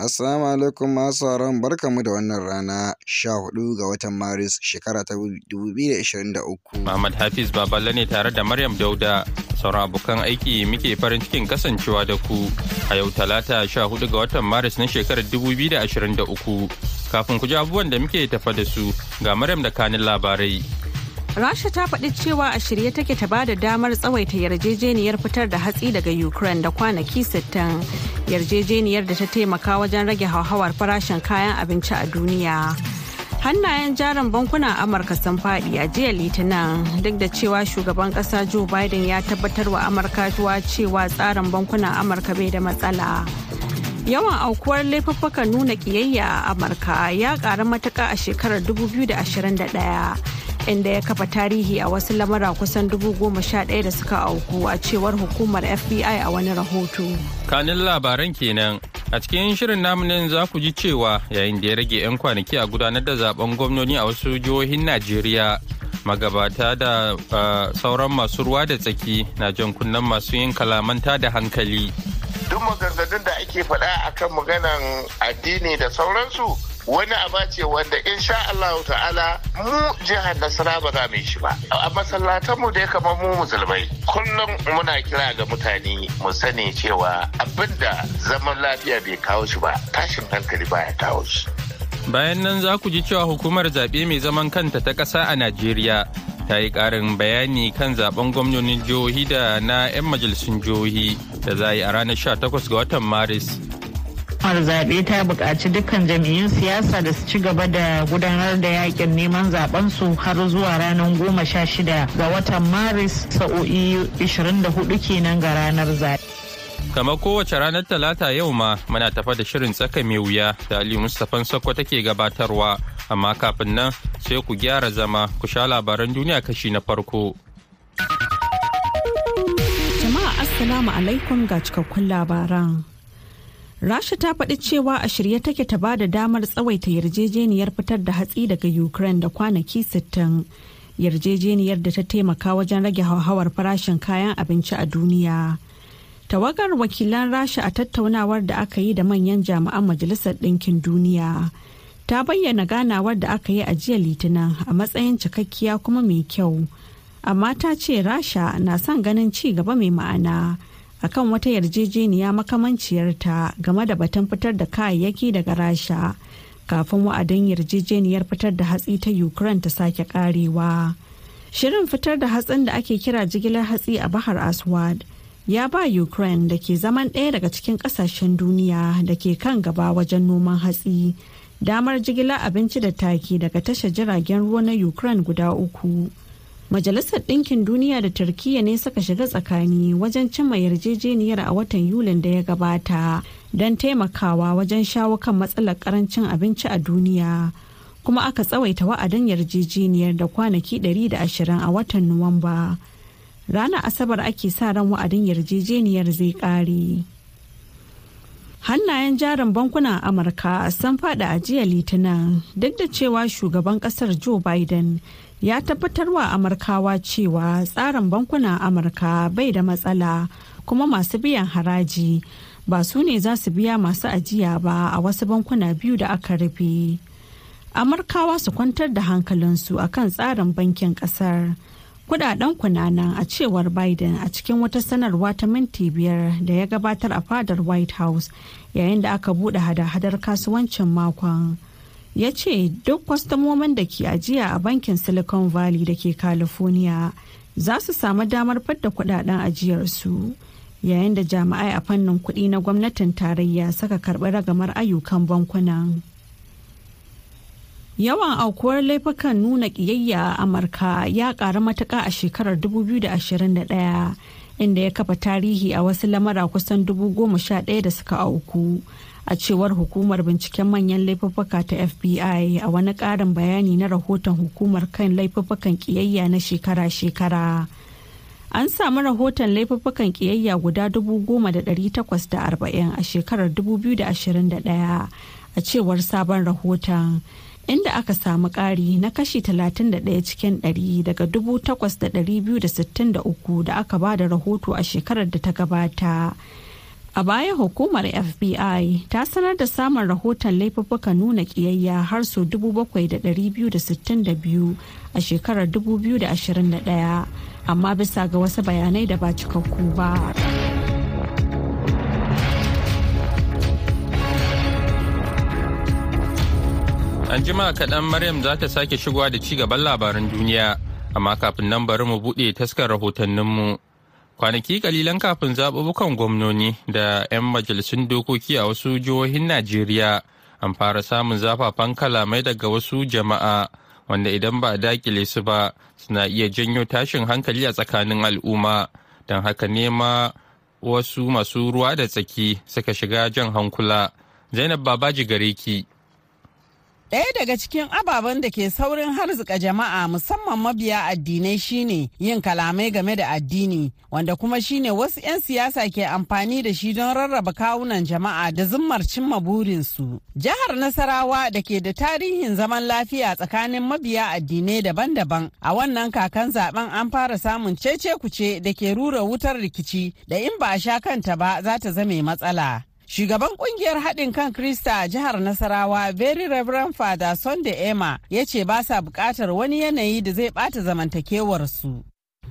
Assalamu alaikum masu barka barkamu da wannan rana 14 ga watan Maris shekara ta 2023. Muhammad Hafiz Baballe ne tare da Maryam Dauda sauran abokan aiki muke farin cikin kasancewa da ku a yau talata 14 ga watan Maris na shekarar 2023. Kafin ku ji abubuwan da muke tafa da su ga Maryam da kanin labarai. Rasha ta faɗi cewa a shirye take ta bada damar tsawaita yarjejeniyar fitar da hatsi daga Ukraine da kwanaki 60 yarjejeniyar da ta taimaka wajen rage hauhawar farashin kayan abinci a duniya. Hannayen jarin bankunan Amurka sun faɗi a jiya Litinin duk da cewa shugaban ƙasa Joe Biden ya tabbatar wa Amurka cewa tsarin bankunan Amurka bai da matsala. yawan aukuwar laifuffukan nuna kiyayya a amurka ya ƙara matuka a shekarar 2021 inda ya kafa tarihi a wasu lamura kusan dubu goma sha ɗaya da suka auku a cewar hukumar fbi a wani rahoto kanin labaran kenan a cikin shirin namunin za ku ji cewa yayin da ya rage 'yan kwanaki a gudanar da zaben gwamnoni a wasu jihohin najeriya magabata da eh, sauran masu ruwa da tsaki na jan kunnen masu yin kalamanta da hankali duk maganganun da ake faɗa akan maganan addini da sauransu wani aba ce wanda in sha Allah ta'ala mu jihar Nasara ba za mu yi shi ba a masallatan mu dai kamar mu musulmai kullum muna kira ga mutane mu sani cewa abinda zaman lafiya bai kawo shi ba tashin hankali baya kawo shi bayan nan za ku ji cewa hukumar zaɓe mai zaman kanta ta ƙasa a najeriya ta yi ƙarin bayani kan zaben gwamnonin jihohi da na 'yan majalisun jihohi da za a yi a ranar 18 ga watan maris hukumar zaɓe ta buƙaci dukkan jam'iyyun siyasa da su ci gaba da gudanar da yakin neman zaben su har zuwa ranar goma sha shida ga watan maris sa'o'i 24 kenan ga ranar zaɓe. kamar kowace ranar talata yau ma muna tafa da shirin tsaka mai wuya da ali mustapha sokko take gabatarwa amma kafin nan sai ku gyara zama ku sha labaran duniya kashi na farko jama'a assalamu alaikum ga cikakkun labaran rasha ta faɗi cewa a shirye take ta ba da damar tsawaita yarjejeniyar fitar da hatsi daga ukraine da kwanaki 60 yarjejeniyar da ta taimaka wajen rage hauhawar farashin kayan abinci a duniya tawagar wakilan rasha a tattaunawar da aka yi da manyan jami'an majalisar ɗinkin duniya ta bayyana ganawar da aka yi a jiya litinin a matsayin cikakkiya kuma mai kyau amma ta ce rasha na son ganin ci gaba mai ma'ana akan wata yarjejeniya makamanciyarta game da batun fitar da kayayyaki daga rasha kafin wa'adin yarjejeniyar fitar da hatsi ta ukraine ta sake karewa shirin fitar da hatsin da ake kira jigilar hatsi a bahar aswad ya ba ukraine da ke zaman ɗaya daga cikin ƙasashen duniya da ke kan gaba wajen noman hatsi damar jigilar abinci da taki daga tashar jiragen ruwa na ukraine guda uku Majalisar Ɗinkin Duniya da Turkiyya ne suka shiga tsakani wajen cimma yarjejeniyar a watan Yulin da ya gabata don taimakawa wajen shawo kan matsalar karancin abinci a duniya. Kuma aka tsawaita wa'adin yarjejeniyar da kwanaki 120 a watan Nuwamba. Ranar Asabar ake sa ran wa'adin yarjejeniyar zai ƙare. hannayen jarin bankunan amurka sun fada a jiya litinin duk da cewa shugaban ƙasar joe biden ya tabbatar wa amurkawa cewa tsarin bankunan amurka bai da matsala kuma masu biyan haraji ba su ne za su biya masu ajiya ba a wasu bankuna biyu da aka rufe amurkawa su kwantar da hankalinsu a kan tsarin bankin kasar kudaden kunanan a cewar biden a cikin wata sanarwa ta minti biyar da ya gabatar a fadar white house yayin da aka bude hada-hadar kasuwancin makon ya ce duk kwastomomin da ke ajiya a bankin silicon valley da ke california za su samu damar fadda kudaden ajiyarsu yayin da jami'ai a fannin kudi na gwamnatin tarayya suka karbi ragamar ayyukan bankunan yawan aukuwar laifukan nuna kiyayya a amurka ya ƙara matuka a shekarar 2021 inda ya kafa tarihi a wasu lamara kusan dubu da suka auku a cewar hukumar binciken manyan laifuffuka ta fbi a wani ƙarin bayani na rahoton hukumar kan laifuffukan ƙiyayya na shekara-shekara an samu rahoton laifuffukan ƙiyayya guda 10,840 a shekarar 2021 a cewar sabon rahoton inda aka samu ƙari na kashi 31 cikin 100 daga 8,263 da aka ba da rahoto a shekarar da ta gabata. A baya hukumar FBI ta sanar da samun rahoton laifuffuka nuna kiyayya har su 7,262 a shekarar 2021 amma bisa ga wasu bayanai da ba cikakku ba. An jima kaɗan Maryam za ta sake shigowa da ci gaban labaran duniya, amma kafin nan bari mu buɗe taskar rahotanninmu. kwanaki kalilan kafin zaɓuɓɓukan gwamnoni da 'yan majalisun dokoki a wasu jihohin najeriya an fara samun zafafan kalamai daga wasu jama'a wanda idan ba a dakile su ba suna iya janyo tashin hankali a tsakanin al'umma don haka nema wasu masu ruwa da tsaki suka shiga jan hankula zainab babaji gare ki Ɗaya daga cikin ababen da ke saurin harzika jama'a musamman mabiya addinai shine yin kalamai game da addini wanda kuma shine wasu 'yan siyasa ke amfani da shi don rarraba kawunan jama'a da zummar cimma burinsu. Jihar Nasarawa da ke da tarihin zaman lafiya tsakanin mabiya addinai daban-daban a wannan kakan zaben an fara samun cece kuce da ke rura wutar rikici da in ba a sha kanta ba za ta zame matsala. Shugaban kungiyar haɗin kan Krista a jihar Nasarawa, Very Reverend Father Sunday Emma, ya ce ba sa buƙatar wani yanayi da zai ɓata zamantakewarsu.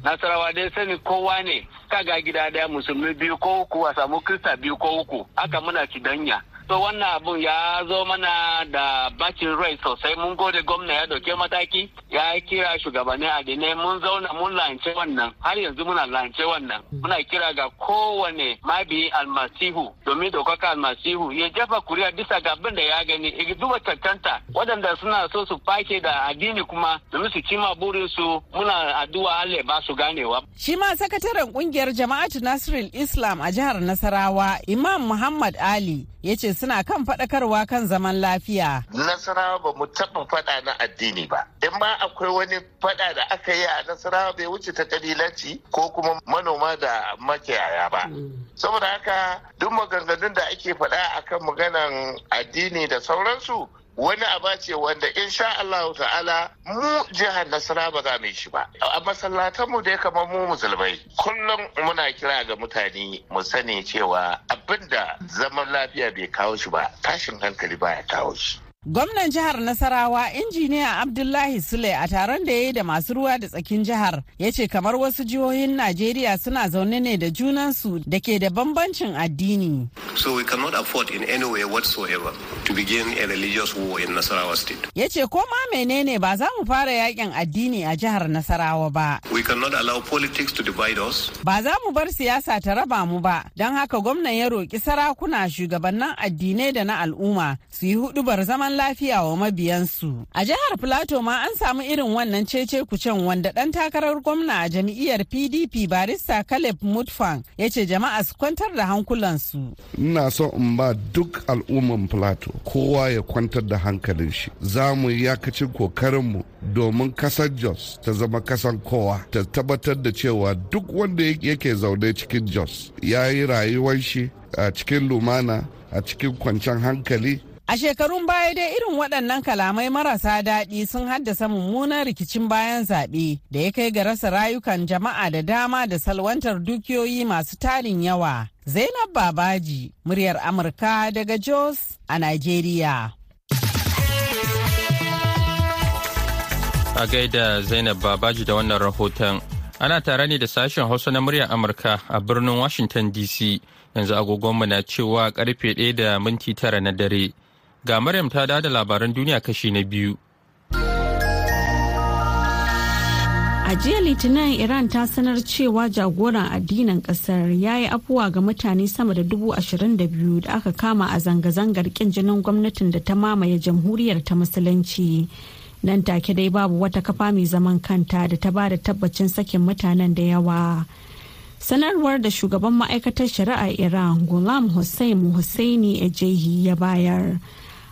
Nasarawa dai sani kowa ne, ka ga gida daya musulmi biyu ko uku a samu Krista biyu ko uku, haka muna danya. so wannan abun ya zo mana da bacin rai sosai mun gode gwamna ya dauke mataki ya kira shugabanni adinai mun zauna mun lance wannan har yanzu muna lance wannan muna kira ga kowane mabi almasihu domin dokaka almasihu ya jefa kuriya bisa ga abin da ya gani ya duba cancanta waɗanda suna so su fake da addini kuma domin su cima burin su muna addu'a Allah ba su ganewa shi ma sakataren kungiyar jama'atu nasirin islam a jihar nasarawa imam muhammad ali ya ce suna kan faɗakarwa kan zaman lafiya. Nasarawa ba mu taɓa faɗa na addini ba. In ma akwai wani faɗa da aka yi a Nasarawa bai wuce ta ƙabilanci ko kuma manoma da makiyaya ba. Mm. Saboda haka duk maganganun da ake faɗa akan maganan addini da sauransu wani aba ce wanda insha Allah ta'ala mu jihar Nasara ba za mu shi ba a masallatanmu mu dai kamar mu musulmai kullum muna kira ga mutane mu sani cewa abinda zaman lafiya bai kawo shi ba tashin hankali baya kawo shi Gwamnan jihar Nasarawa injiniya Abdullahi Sule a taron da ya yi da masu ruwa da tsakin jihar ya ce kamar wasu jihohin Najeriya suna zaune ne da junansu da ke da bambancin addini. So we cannot afford in any way whatsoever to begin a religious war in Nasarawa state. Ya ce ko ma menene ba za mu fara yakin addini a jihar Nasarawa ba. We cannot allow politics to divide us. Ba za mu bar siyasa ta raba mu ba don haka gwamnan ya roƙi sarakuna shugabannin addinai da na al'umma su yi hudubar zaman zaman lafiya wa mabiyansu. A jihar Filato ma an samu irin wannan cece kucen wanda ɗan takarar gwamna a jam'iyyar PDP barista Caleb Mutfang ya ce jama'a su kwantar da hankulansu. Ina so in ba duk al'umman Filato kowa ya kwantar da hankalin shi. Za mu yi yakacin kokarinmu domin kasar Jos ta zama kasan kowa ta tabbatar da cewa duk wanda yake zaune cikin Jos ya yi rayuwar shi a cikin lumana a cikin kwancen hankali A shekarun baya dai irin waɗannan kalamai marasa daɗi sun haddasa mummunan rikicin bayan zaɓe da ya kai ga rasa rayukan jama'a da dama da salwantar dukiyoyi masu tarin yawa. Zainab Babaji, muryar Amurka daga Jos a Najeriya. A gaida Zainab Babaji da wannan rahoton. Ana tare ne da sashen Hausa na muryar Amurka a birnin Washington DC. Yanzu agogonmu na cewa karfe ɗaya da minti tara na dare. Ga Maryam ta da labaran duniya kashi na biyu. A jiya Litinin Iran ta sanar cewa jagoran addinin kasar ya yi afuwa ga mutane sama da dubu ashirin da biyu da aka kama a zanga-zangar kin jinin gwamnatin da ta mamaye jamhuriyar ta musulunci. Nan take dai babu wata kafa mai zaman kanta da ta ba da tabbacin sakin mutanen da yawa. Sanarwar da shugaban ma'aikatar shari'a Iran Ghulam Hussein Hussaini Ejehi ya bayar.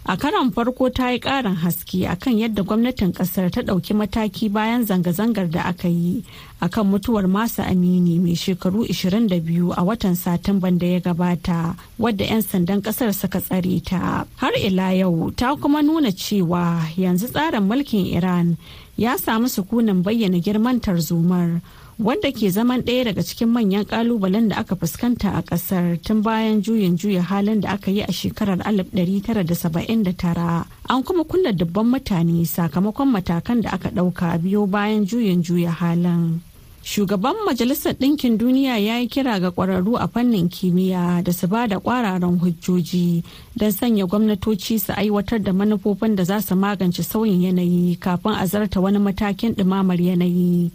a karan farko ta yi karin haske akan yadda gwamnatin kasar ta ɗauki mataki bayan zanga-zangar da aka yi akan mutuwar masa amini mai shekaru 22 a watan satumban da ya gabata wadda 'yan sandan kasar suka tsare ta har ila yau ta kuma nuna cewa yanzu tsarin mulkin iran ya samu sukunin bayyana girman tarzomar wanda ke zaman ɗaya daga cikin manyan ƙalubalen da aka fuskanta a ƙasar tun bayan juyin juya halin da aka yi a shekarar 1979 an kuma kunna dubban mutane sakamakon matakan da aka ɗauka biyo bayan juyin juya halin. shugaban majalisar ɗinkin duniya ya yi kira ga ƙwararru a fannin kimiyya da su ba da ƙwararren hujjoji don sanya gwamnatoci su aiwatar da manufofin da za su magance sauyin yanayi kafin a zarta wani matakin ɗumamar yanayi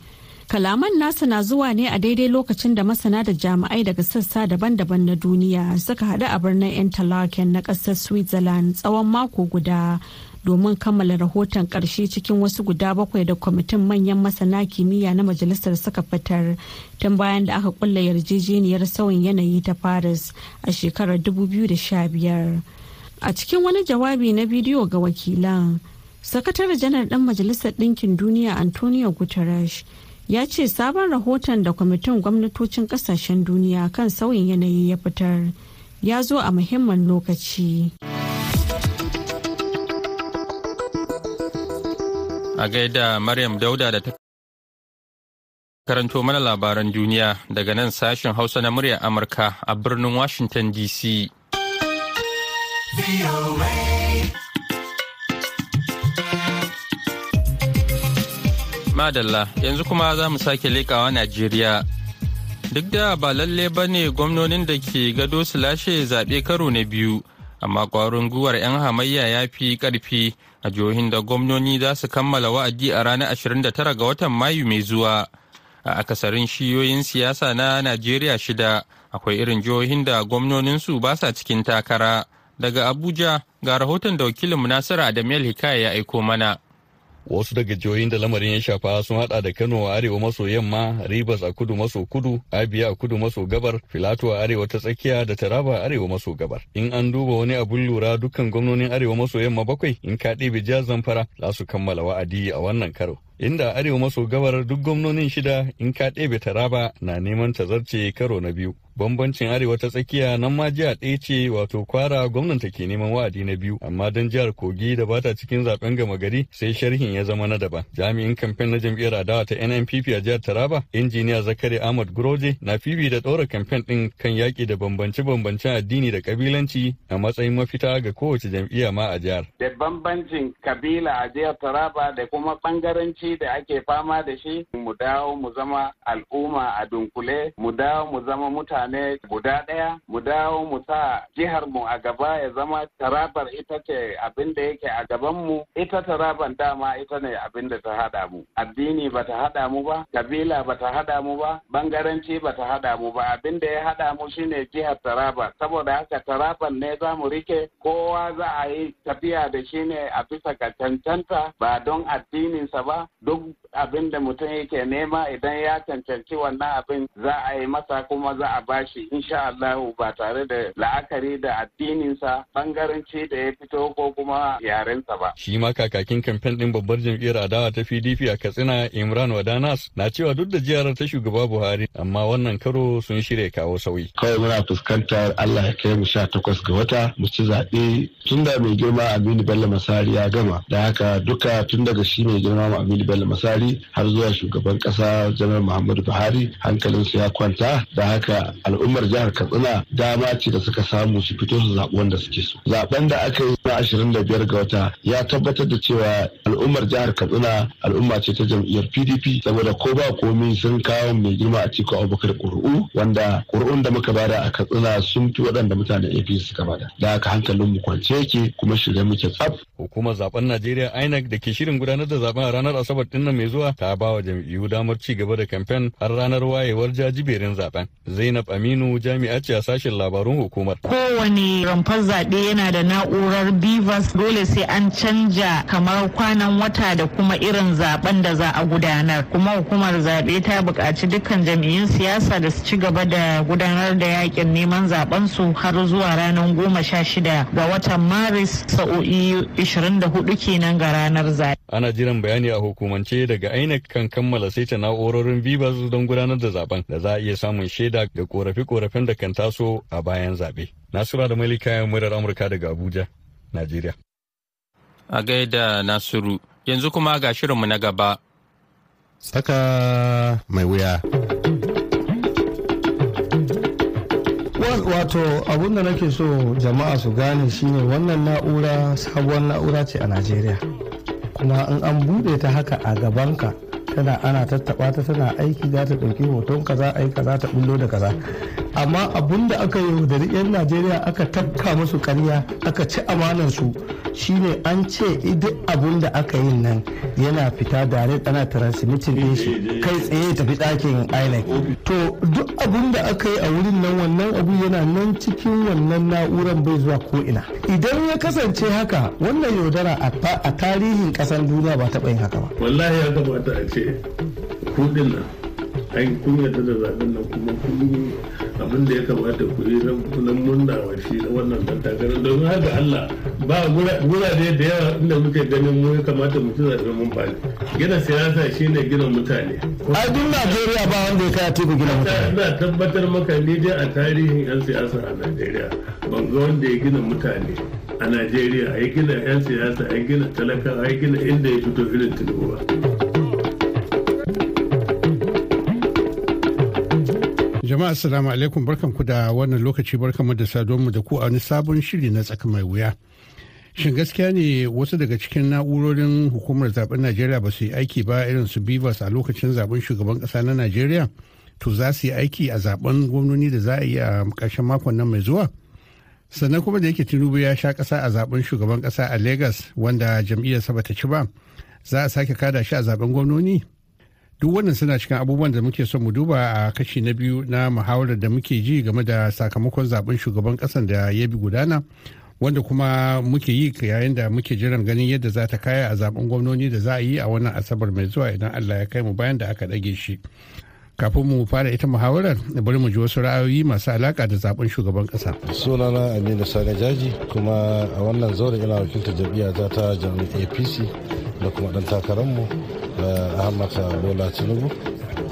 Kalaman nasa na zuwa ne a daidai lokacin da masana da jami'ai daga sassa daban-daban na duniya suka haɗu a birnin Interlaken na ƙasar Switzerland tsawon mako guda domin kammala rahoton ƙarshe cikin wasu guda bakwai da kwamitin manyan masana kimiyya na majalisar suka fitar tun bayan da aka kulla yarjejeniyar sauyin yanayi ta Paris a shekarar 2015. A cikin wani jawabi na bidiyo ga wakilan, Sakatare janar ɗan Majalisar Ɗinkin Duniya Antonio Guterres ya ce sabon rahoton da kwamitin gwamnatocin kasashen duniya kan sauyin yanayi ya fitar ya zo a muhimman lokaci. A gaida Maryam Dauda da ta karanto mana labaran duniya daga nan sashen Hausa na muryar Amurka a birnin Washington DC. Madalla yanzu kuma za mu sake leƙawa Najeriya. Duk da ba lalle ba ne gwamnonin da ke gado su lashe zaɓe karo na biyu, amma ƙwarin guwar 'yan hamayya ya fi ƙarfi a jihohin da gwamnoni za su kammala wa'adi a ranar 29 ga watan Mayu mai zuwa. A akasarin shiyoyin siyasa na Najeriya shida akwai irin jihohin da gwamnoninsu ba sa cikin takara. Daga Abuja ga rahoton da wakilin Nasiru Adamu Hikaya ya aiko mana. Wasu daga jihohin da lamarin ya shafa sun hada da Kano a arewa maso yamma, Ribas a kudu maso kudu, Abia a kudu maso gabar, Filato a arewa ta tsakiya da Taraba a arewa maso gabar. In an duba wani abun lura dukkan gwamnonin arewa maso yamma bakwai in ka ɗebe Zamfara za su kammala wa'adi a wannan karo. inda arewa maso gabar duk gwamnonin shida in ka ɗebe taraba na neman ta zarce karo na biyu bambancin arewa ta tsakiya nan ma jiya ɗaya ce wato kwara gwamnanta ke neman wa'adi na biyu amma don jihar kogi da bata cikin zaben gama gari sai sharhin ya zama na daban jami'in kamfen na jam'iyyar adawa ta nnpp a jihar taraba injiniya zakari ahmad guroje na fifi da ɗora kamfen ɗin kan yaƙi da bambance-bambancen addini da kabilanci a matsayin mafita ga kowace jam'iyya ma a jihar. da bambancin kabila a jihar taraba da kuma ɓangaranci da ake fama da shi mu dawo mu zama al'umma a dunkule mu dawo mu zama mutane guda ɗaya mu dawo mu sa jihar mu a gaba ya zama tarabar ita ce abin da yake a gaban mu ita taraban dama ita ne abin da ta haɗa mu addini ba ta haɗa mu ba kabila ba ta haɗa mu ba bangaranci ba ta haɗa mu ba abin da ya haɗa mu shine jihar taraba saboda haka taraban ne za mu rike kowa za a yi tafiya da shi ne a bisa ga cancanta ba don addininsa ba duk abin da mutum yake nema idan ya cancanci wannan abin za a yi masa kuma za a bashi insha Allah ba tare da la'akari da addininsa bangaranci da ya fito ko kuma yarensa ba. Shi ma kakakin kamfen ɗin babbar jam'iyyar adawa ta PDP a Katsina Imran Wadanas na cewa duk da jiyar ta shugaba Buhari amma wannan karo sun shirya kawo sauyi. Kawai muna fuskantar Allah ya kai mu sha takwas ga wata mu ci zaɓe tun mai girma Aminu Bello Masari ya gama da haka duka tun daga shi mai girma Aminu bello masari har zuwa shugaban kasa janar muhammadu buhari hankalinsu ya kwanta da haka al'ummar jihar katsina dama ce da suka samu su fito su zaɓi wanda suke so zaɓen da aka yi na ashirin da biyar ga wata ya tabbatar da cewa al'ummar jihar katsina al'umma ce ta jam'iyyar pdp saboda ko ba komi sun kawo mai girma a cikin abubakar Kuri'u wanda ƙuri'un da muka bada a katsina sun fi waɗanda mutanen apc suka bada da haka hankalinmu mu kwance yake kuma shirye muke tsaf hukumar zaɓen najeriya inec da ke shirin gudanar da zaɓen a ranar asabar Robert din nan mai zuwa ta ba wa jam'iyyu damar ci gaba da kamfen har ranar wayewar jajiberin zaben zainab aminu jami'a ce a sashen labarun hukumar kowane rumfar zaɓe yana da na'urar bivas dole sai an canja kamar kwanan wata da kuma irin zaben da za a gudanar kuma hukumar zaɓe ta buƙaci dukkan jam'iyyun siyasa da su ci gaba da gudanar da yakin neman zaben su har zuwa ranar goma sha shida ga watan maris sa'o'i 24 kenan ga ranar zaɓe ana jiran bayani a hukumar hukumance daga INEC kan kammala saita na'urorin vivas don gudanar da zaben da za a iya samun shaida ga korafi korafin da kan taso a bayan zaɓe. Nasura da Malika ya murar Amurka daga Abuja, Najeriya. A gaida Nasiru, yanzu kuma ga shirinmu na gaba. Tsaka mai wuya. wato abun da nake so jama'a su gane shine wannan na'ura sabuwar na'ura ce a najeriya kuma in an bude ta haka a gabanka tana ana tattaba ta tana aiki za ta ɗauki hoton kaza yi kaza ta bullo da kaza amma abun da aka yi da yan najeriya aka tafka musu karya aka ci amanar su shine an ce duk abun da aka yi nan yana fita dare ana transmitting din shi kai tsaye tafi ɗakin island. to duk abun da aka yi a wurin nan wannan abu yana nan cikin wannan na'uran bai zuwa ko ina idan ya kasance haka wannan yaudara a tarihin ƙasar duniya ba taɓa yin haka ba wallahi ya kamata a ce kudin nan an kun yarda da zaɓen nan kuma kun abin da ya kamata ku yi na murna wa shi na wannan dan takarar domin haka Allah ba gurare da yawa inda muke ganin mu ya kamata mu ci da mun bani gina siyasa shine gina mutane a duk Najeriya ba wanda ya kaya teku gina mutane ina tabbatar maka ni dai a tarihin yan siyasa a Najeriya ban ga wanda ya gina mutane a Najeriya a gina yan siyasa a gina talaka a gina inda ya fito irin tunuwa. jama'a assalamu alaikum barkanku da wannan lokaci barkanmu da mu da ku a wani sabon shiri na tsaka mai wuya shin gaskiya ne wasu daga cikin na'urorin hukumar zaben najeriya ba su yi aiki ba irin su bivas a lokacin zaben shugaban kasa na najeriya to za su yi aiki a zaben gwamnoni da za a yi a ƙarshen makon nan mai zuwa sannan kuma da yake tinubu ya sha kasa a zaben shugaban kasa a lagos wanda jam'iyyarsa ta ci ba za a sake kada shi a zaben gwamnoni duk wannan suna cikin abubuwan da muke son mu duba a kashi na biyu na muhawarar da muke ji game da sakamakon zaben shugaban kasan da ya bi gudana wanda kuma muke yi yayin da muke jiran ganin yadda za ta kaya a zaben gwamnoni da za a yi a wannan asabar mai zuwa idan allah ya kai mu bayan da aka dage shi kafin mu fara ita muhawarar bari mu ji wasu ra'ayoyi masu alaka da zaben shugaban kasa sunana aminu sani jaji kuma a wannan zaure ina wakiltar jam'iyya ta jam'iyyar apc da kuma dan takararmu ahmad bola tinubu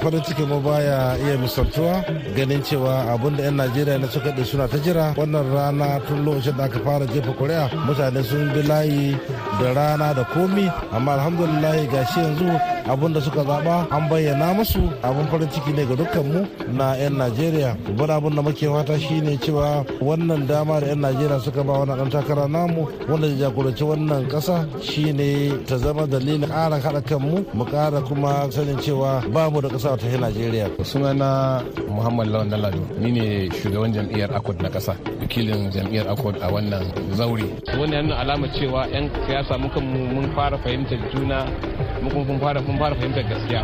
farin ciki mu baya iya misaltuwa ganin cewa abin da 'yan najeriya na suka ɗi suna ta jira wannan rana tun lokacin da aka fara jefa kuri'a mutane sun bi layi da rana da komi amma alhamdulillah shi yanzu abin da suka zaba an bayyana musu abin farin ciki ne ga dukkan mu na 'yan najeriya wani abin da muke fata shine cewa wannan dama da 'yan najeriya suka ba wannan takara namu wanda ya jagoranci wannan kasa shine ta zama dalilin ƙara haɗa kanmu mu ƙara kuma sanin cewa babu mu da ƙasa ta najeriya sunana muhammad lawan dalado ni ne shugaban jam'iyyar akwad na ƙasa wakilin jam'iyyar akwad a wannan zauri wannan alama cewa 'yan siyasa mukan mun fara fahimtar juna kuma kun fara kun fara fahimtar gaskiya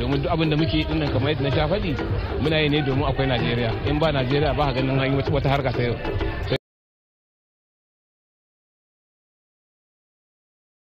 domin duk abin da muke din nan kamar yadda na sha faɗi muna yi ne domin akwai Najeriya in ba Najeriya ba ganin hanyar wata harka ta yau